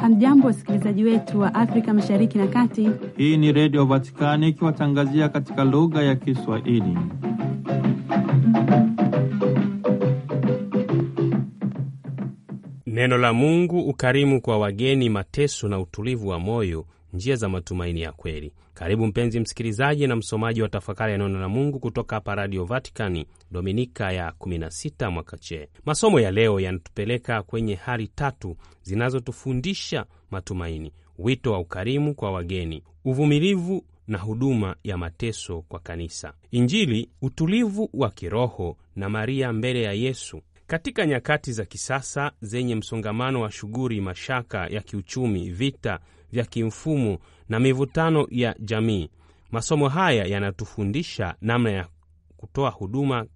Hamjambo, wasikilizaji wetu wa Afrika mashariki na kati. Hii ni Redio Vatikani ikiwatangazia katika lugha ya Kiswahili. Neno la Mungu, ukarimu kwa wageni, mateso na utulivu wa moyo njia za matumaini ya kweli. Karibu mpenzi msikilizaji na msomaji wa tafakari ya neno la Mungu kutoka hapa Radio Vaticani, Dominika ya 16 mwaka che. Masomo ya leo yanatupeleka kwenye hali tatu zinazotufundisha matumaini: wito wa ukarimu kwa wageni, uvumilivu na huduma ya mateso kwa kanisa. Injili, utulivu wa kiroho na Maria mbele ya Yesu. Katika nyakati za kisasa zenye msongamano wa shughuli, mashaka ya kiuchumi, vita vya kimfumo na mivutano ya jamii. Masomo haya yanatufundisha namna ya kutoa huduma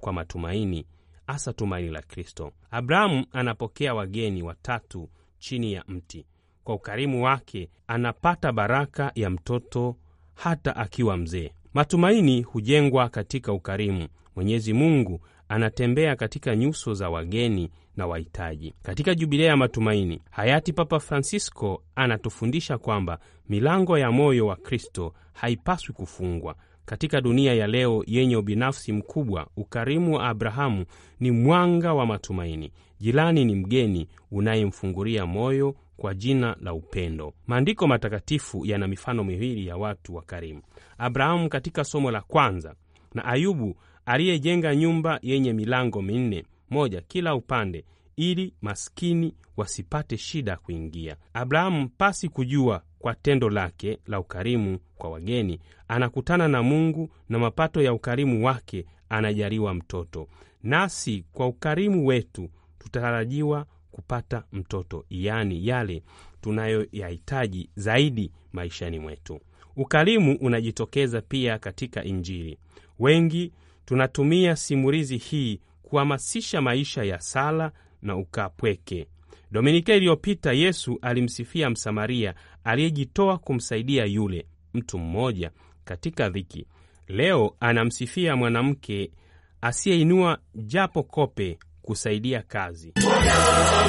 kwa matumaini, hasa tumaini la Kristo. Abrahamu anapokea wageni watatu chini ya mti. Kwa ukarimu wake anapata baraka ya mtoto hata akiwa mzee. Matumaini hujengwa katika ukarimu. Mwenyezi Mungu anatembea katika nyuso za wageni na wahitaji. Katika Jubilea ya Matumaini, hayati Papa Francisco anatufundisha kwamba milango ya moyo wa Kristo haipaswi kufungwa. Katika dunia ya leo yenye ubinafsi mkubwa, ukarimu wa Abrahamu ni mwanga wa matumaini. Jirani ni mgeni unayemfunguria moyo kwa jina la upendo. Maandiko matakatifu yana mifano miwili ya watu wakarimu, Abrahamu katika somo la kwanza na Ayubu aliyejenga nyumba yenye milango minne, moja kila upande, ili maskini wasipate shida kuingia. Abrahamu, pasi kujua, kwa tendo lake la ukarimu kwa wageni, anakutana na Mungu na mapato ya ukarimu wake anajaliwa mtoto. Nasi kwa ukarimu wetu tutatarajiwa kupata mtoto, yaani yale tunayoyahitaji zaidi maishani mwetu. Ukarimu unajitokeza pia katika Injili. Wengi Tunatumia simulizi hii kuhamasisha maisha ya sala na ukapweke. Dominika iliyopita Yesu alimsifia Msamaria aliyejitoa kumsaidia yule mtu mmoja katika dhiki. Leo anamsifia mwanamke asiyeinua japo kope kusaidia kazi. Mwana,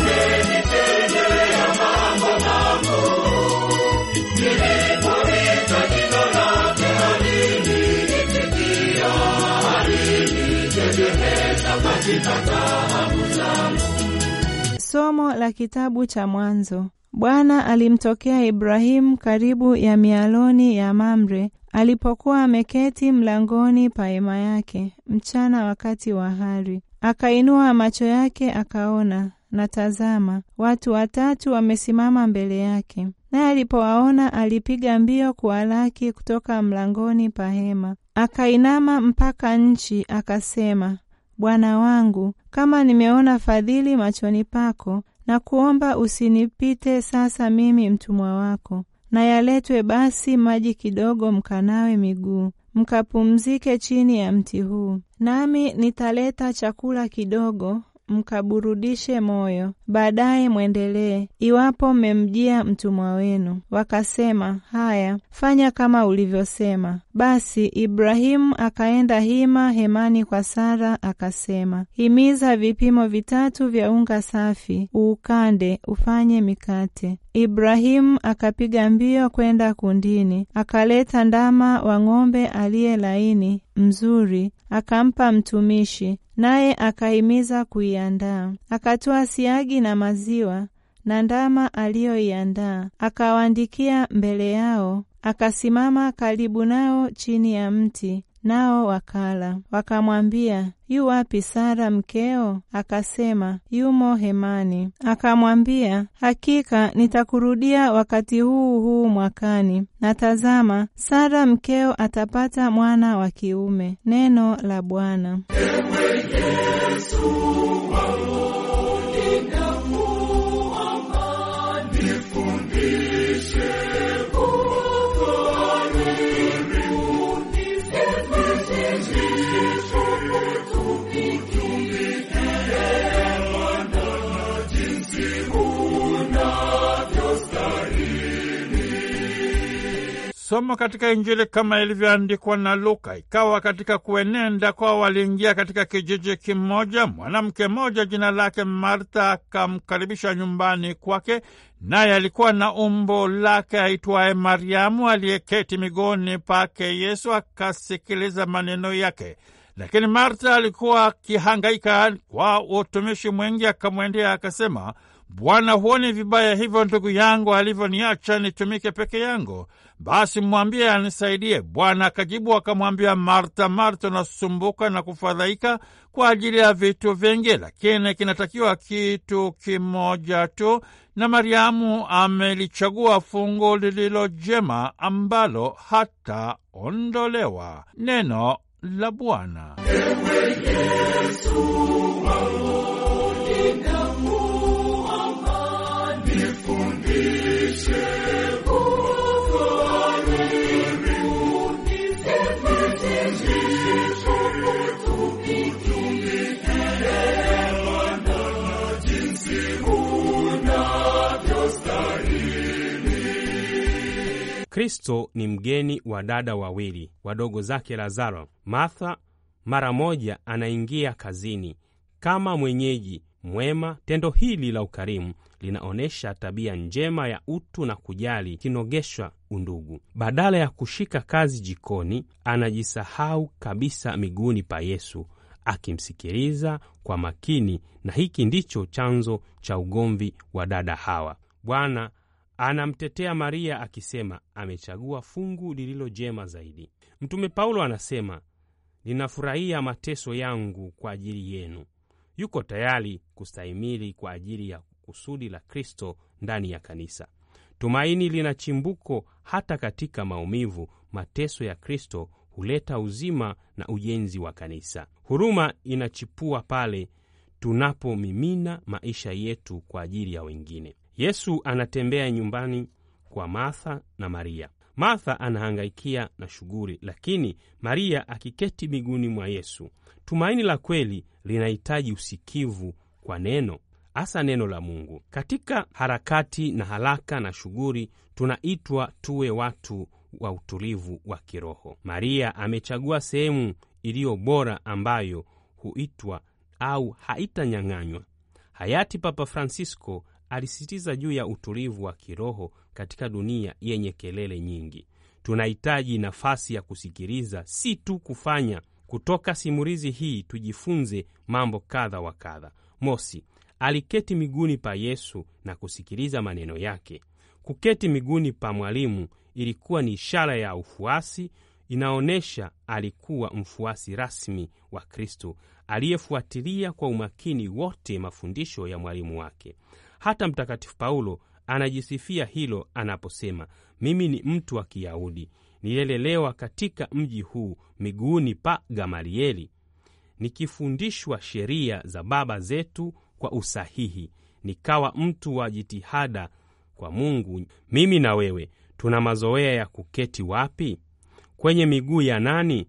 Somo la kitabu cha Mwanzo. Bwana alimtokea Ibrahimu karibu ya mialoni ya Mamre alipokuwa ameketi mlangoni pa hema yake mchana wakati wa hari. Akainua macho yake akaona, na tazama, watu watatu wamesimama mbele yake. Naye alipowaona alipiga mbio kuwalaki kutoka mlangoni pa hema, akainama mpaka nchi, akasema Bwana wangu, kama nimeona fadhili machoni pako, na kuomba usinipite sasa mimi mtumwa wako. Na yaletwe basi maji kidogo, mkanawe miguu, mkapumzike chini ya mti huu, nami nitaleta chakula kidogo mkaburudishe moyo, baadaye mwendelee, iwapo mmemjia mtumwa wenu. Wakasema, haya, fanya kama ulivyosema. Basi Ibrahimu akaenda hima hemani kwa Sara, akasema, himiza vipimo vitatu vya unga safi, uukande ufanye mikate. Ibrahimu akapiga mbio kwenda kundini, akaleta ndama wa ng'ombe aliye laini mzuri, akampa mtumishi, naye akahimiza kuiandaa. Akatoa siagi na maziwa na ndama aliyoiandaa, akawaandikia mbele yao, akasimama karibu nao chini ya mti, nao wakala. Wakamwambia, yu wapi Sara mkeo? Akasema, yumo hemani. Akamwambia, hakika nitakurudia wakati huu huu mwakani, na tazama, Sara mkeo atapata mwana wa kiume. Neno la Bwana. Ewe Yesu Somo katika Injili kama ilivyoandikwa na Luka. Ikawa katika kuenenda kwao, waliingia katika kijiji kimoja, mwanamke mmoja jina lake Martha akamkaribisha nyumbani kwake, naye alikuwa na umbo lake aitwaye Mariamu, aliyeketi migoni pake Yesu akasikiliza maneno yake. Lakini Martha alikuwa akihangaika kwa utumishi mwingi, akamwendea akasema Bwana, huoni vibaya hivyo ndugu yangu alivyoniacha nitumike peke yangu? Basi mwambie anisaidie. Bwana akajibu akamwambia, Marta, Marta, unasumbuka na kufadhaika kwa ajili ya vitu vingi, lakini kinatakiwa kitu kimoja tu, na Mariamu amelichagua fungu lililo jema ambalo ondolewa Neno la Bwana. Ewe Yesu, Kristo ni mgeni wa dada wawili wadogo zake Lazaro. Martha mara moja anaingia kazini kama mwenyeji mwema. Tendo hili la ukarimu linaonyesha tabia njema ya utu na kujali, kinogeshwa undugu. Badala ya kushika kazi jikoni, anajisahau kabisa miguuni pa Yesu, akimsikiliza kwa makini, na hiki ndicho chanzo cha ugomvi wa dada hawa. Bwana anamtetea Maria akisema amechagua fungu lililo jema zaidi. Mtume Paulo anasema ninafurahia mateso yangu kwa ajili yenu. Yuko tayari kustahimili kwa ajili ya kusudi la Kristo ndani ya kanisa. Tumaini lina chimbuko hata katika maumivu. Mateso ya Kristo huleta uzima na ujenzi wa kanisa. Huruma inachipua pale tunapomimina maisha yetu kwa ajili ya wengine. Yesu anatembea nyumbani kwa Martha na Maria. Martha anahangaikia na shughuli, lakini Maria akiketi miguuni mwa Yesu. Tumaini la kweli linahitaji usikivu kwa neno, hasa neno la Mungu. Katika harakati na haraka na shughuli, tunaitwa tuwe watu wa utulivu wa kiroho. Maria amechagua sehemu iliyo bora ambayo huitwa au haitanyang'anywa. Hayati Papa Francisco Alisisitiza juu ya utulivu wa kiroho katika dunia yenye kelele nyingi. Tunahitaji nafasi ya kusikiliza, si tu kufanya. Kutoka simulizi hii tujifunze mambo kadha wa kadha. Mosi, aliketi miguuni pa Yesu na kusikiliza maneno yake. Kuketi miguuni pa mwalimu ilikuwa ni ishara ya ufuasi. Inaonyesha alikuwa mfuasi rasmi wa Kristo aliyefuatilia kwa umakini wote mafundisho ya mwalimu wake. Hata Mtakatifu Paulo anajisifia hilo anaposema, mimi ni mtu wa Kiyahudi, nilelelewa katika mji huu miguuni pa Gamalieli, nikifundishwa sheria za baba zetu kwa usahihi, nikawa mtu wa jitihada kwa Mungu. Mimi na wewe tuna mazoea ya kuketi wapi? Kwenye miguu ya nani?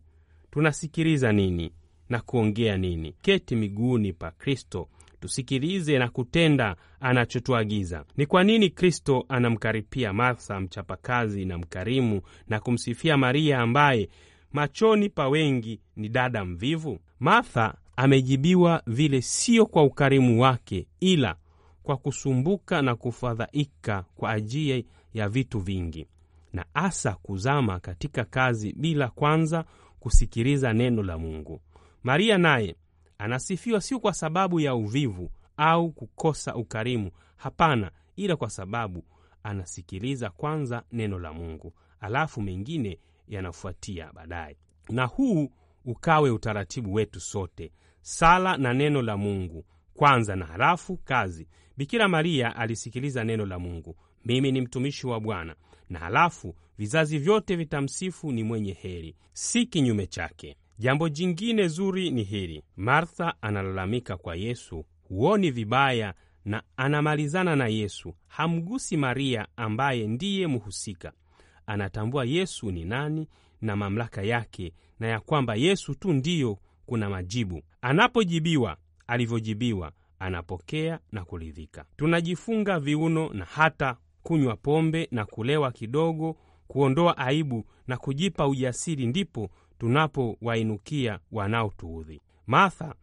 Tunasikiliza nini na kuongea nini? Keti miguuni pa Kristo tusikilize na kutenda anachotuagiza. Ni kwa nini Kristo anamkaripia Martha, mchapakazi na mkarimu, na kumsifia Maria ambaye machoni pa wengi ni dada mvivu? Martha amejibiwa vile, sio kwa ukarimu wake, ila kwa kusumbuka na kufadhaika kwa ajili ya vitu vingi, na asa kuzama katika kazi bila kwanza kusikiliza neno la Mungu. Maria naye Anasifiwa sio kwa sababu ya uvivu au kukosa ukarimu, hapana, ila kwa sababu anasikiliza kwanza neno la Mungu, alafu mengine yanafuatia baadaye. Na huu ukawe utaratibu wetu sote, sala na neno la Mungu kwanza na halafu kazi. Bikira Maria alisikiliza neno la Mungu, mimi ni mtumishi wa Bwana, na halafu vizazi vyote vitamsifu ni mwenye heri, si kinyume chake. Jambo jingine zuri ni hili: Martha analalamika kwa Yesu, huoni vibaya, na anamalizana na Yesu. Hamgusi Maria ambaye ndiye mhusika. Anatambua Yesu ni nani na mamlaka yake, na ya kwamba Yesu tu ndiyo kuna majibu. Anapojibiwa alivyojibiwa, anapokea na kuridhika. Tunajifunga viuno na hata kunywa pombe na kulewa kidogo, kuondoa aibu na kujipa ujasiri, ndipo tunapowainukia wanaotuudhi. Martha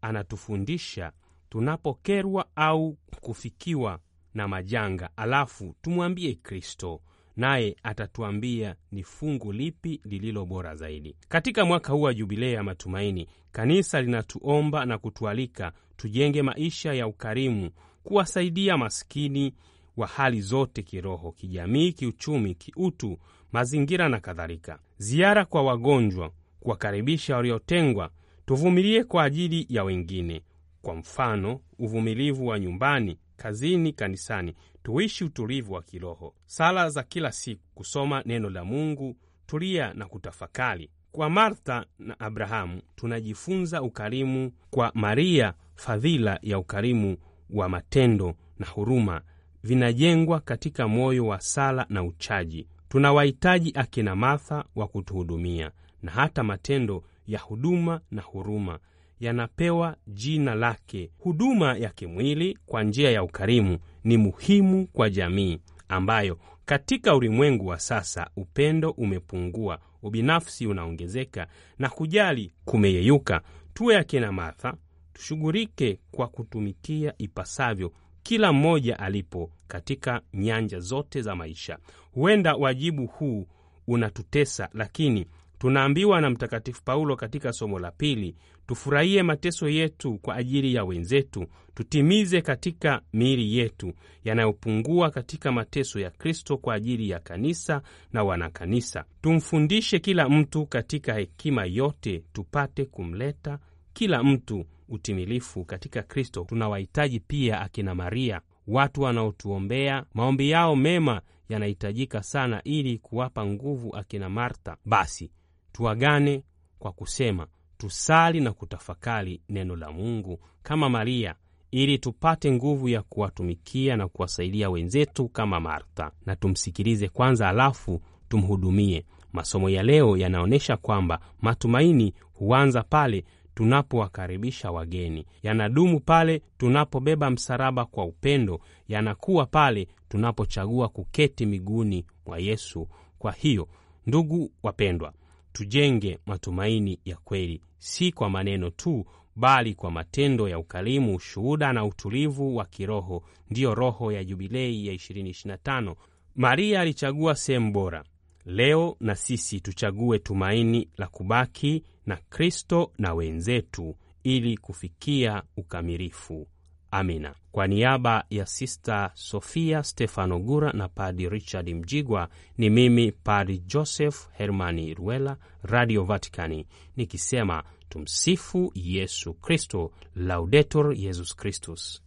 anatufundisha tunapokerwa au kufikiwa na majanga, alafu tumwambie Kristo, naye atatuambia ni fungu lipi lililo bora zaidi. Katika mwaka huu wa Jubilei ya Matumaini, kanisa linatuomba na kutualika tujenge maisha ya ukarimu, kuwasaidia maskini wa hali zote, kiroho, kijamii, kiuchumi, kiutu mazingira na kadhalika. Ziara kwa wagonjwa, kuwakaribisha waliotengwa, tuvumilie kwa ajili ya wengine. Kwa mfano, uvumilivu wa nyumbani, kazini, kanisani, tuishi utulivu wa kiroho. Sala za kila siku, kusoma neno la Mungu, tulia na kutafakari. Kwa Martha na Abrahamu tunajifunza ukarimu, kwa Maria fadhila ya ukarimu wa matendo na huruma vinajengwa katika moyo wa sala na uchaji. Tunawahitaji akina Martha wa kutuhudumia, na hata matendo ya huduma na huruma yanapewa jina lake. Huduma ya kimwili kwa njia ya ukarimu ni muhimu kwa jamii ambayo katika ulimwengu wa sasa upendo umepungua, ubinafsi unaongezeka na kujali kumeyeyuka. Tuwe akina Martha, tushughulike kwa kutumikia ipasavyo kila mmoja alipo katika nyanja zote za maisha. Huenda wajibu huu unatutesa, lakini tunaambiwa na Mtakatifu Paulo katika somo la pili, tufurahie mateso yetu kwa ajili ya wenzetu, tutimize katika miili yetu yanayopungua katika mateso ya Kristo kwa ajili ya kanisa na wanakanisa. Tumfundishe kila mtu katika hekima yote, tupate kumleta kila mtu utimilifu katika Kristo. Tunawahitaji pia akina Maria, watu wanaotuombea, maombi yao mema yanahitajika sana ili kuwapa nguvu akina Martha. Basi tuagane kwa kusema tusali na kutafakari neno la Mungu kama Maria ili tupate nguvu ya kuwatumikia na kuwasaidia wenzetu kama Martha, na tumsikilize kwanza, alafu tumhudumie. Masomo ya leo yanaonyesha kwamba matumaini huanza pale tunapowakaribisha wageni, yanadumu pale tunapobeba msalaba kwa upendo, yanakuwa pale tunapochagua kuketi miguuni mwa Yesu. Kwa hiyo, ndugu wapendwa, tujenge matumaini ya kweli, si kwa maneno tu, bali kwa matendo ya ukarimu, ushuhuda na utulivu wa kiroho. Ndiyo roho ya Jubilei ya 2025. Maria alichagua sehemu bora. Leo na sisi tuchague tumaini la kubaki na Kristo na wenzetu ili kufikia ukamilifu. Amina. Kwa niaba ya Sista Sofia Stefano Gura na Padi Richard Mjigwa, ni mimi Padi Joseph Hermani Ruela, Radio Vaticani, nikisema tumsifu Yesu Kristo, Laudetur Yesus Kristus.